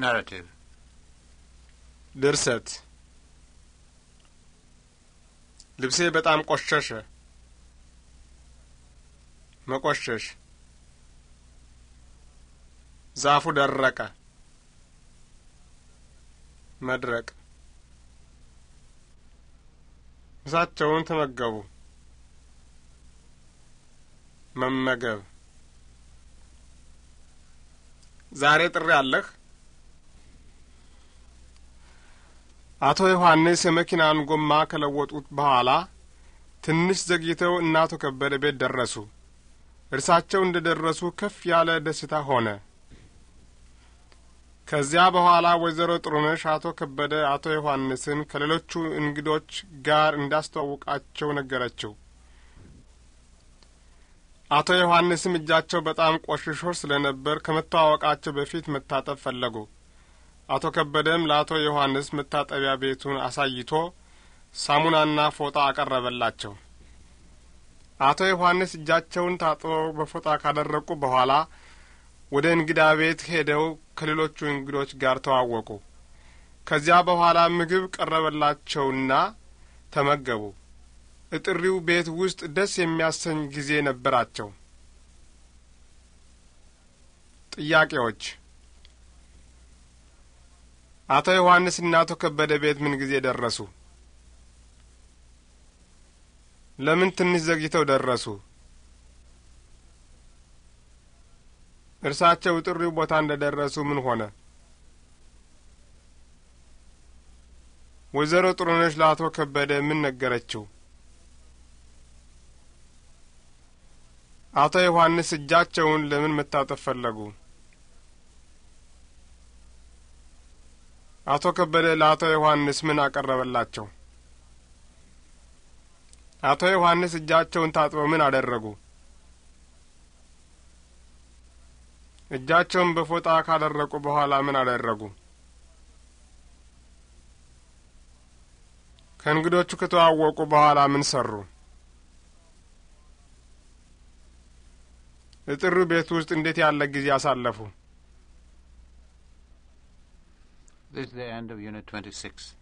ናራቲቭ ድርሰት ልብሴ በጣም ቆሸሸ። መቆሸሽ ዛፉ ደረቀ። መድረቅ ምሳቸውን ተመገቡ። መመገብ ዛሬ ጥሪ አለህ? አቶ ዮሐንስ የመኪናን ጎማ ከለወጡት በኋላ ትንሽ ዘግይተው እነ አቶ ከበደ ቤት ደረሱ። እርሳቸው እንደ ደረሱ ከፍ ያለ ደስታ ሆነ። ከዚያ በኋላ ወይዘሮ ጥሩነሽ አቶ ከበደ አቶ ዮሐንስን ከሌሎቹ እንግዶች ጋር እንዳስተዋውቃቸው ነገረችው። አቶ ዮሐንስም እጃቸው በጣም ቆሽሾ ስለነበር ከመተዋወቃቸው በፊት መታጠብ ፈለጉ። አቶ ከበደም ለአቶ ዮሐንስ መታጠቢያ ቤቱን አሳይቶ ሳሙናና ፎጣ አቀረበላቸው። አቶ ዮሐንስ እጃቸውን ታጥበው በፎጣ ካደረቁ በኋላ ወደ እንግዳ ቤት ሄደው ከሌሎቹ እንግዶች ጋር ተዋወቁ። ከዚያ በኋላ ምግብ ቀረበላቸውና ተመገቡ። እጥሪው ቤት ውስጥ ደስ የሚያሰኝ ጊዜ ነበራቸው። ጥያቄዎች አቶ እና አቶ ከበደ ቤት ምን ጊዜ ደረሱ? ለምን ትንሽ ዘግይተው ደረሱ? እርሳቸው ጥሪው ቦታ እንደ ደረሱ ምን ሆነ? ወይዘሮ ጥሩነሽ ለአቶ ከበደ ምን ነገረችው? አቶ ዮሐንስ እጃቸውን ለምን መታጠብ ፈለጉ? አቶ ከበደ ለአቶ ዮሐንስ ምን አቀረበላቸው? አቶ ዮሐንስ እጃቸውን ታጥበው ምን አደረጉ? እጃቸውን በፎጣ ካደረቁ በኋላ ምን አደረጉ? ከእንግዶቹ ከተዋወቁ በኋላ ምን ሰሩ? እጥሩ ቤት ውስጥ እንዴት ያለ ጊዜ አሳለፉ? This is the end of Unit 26.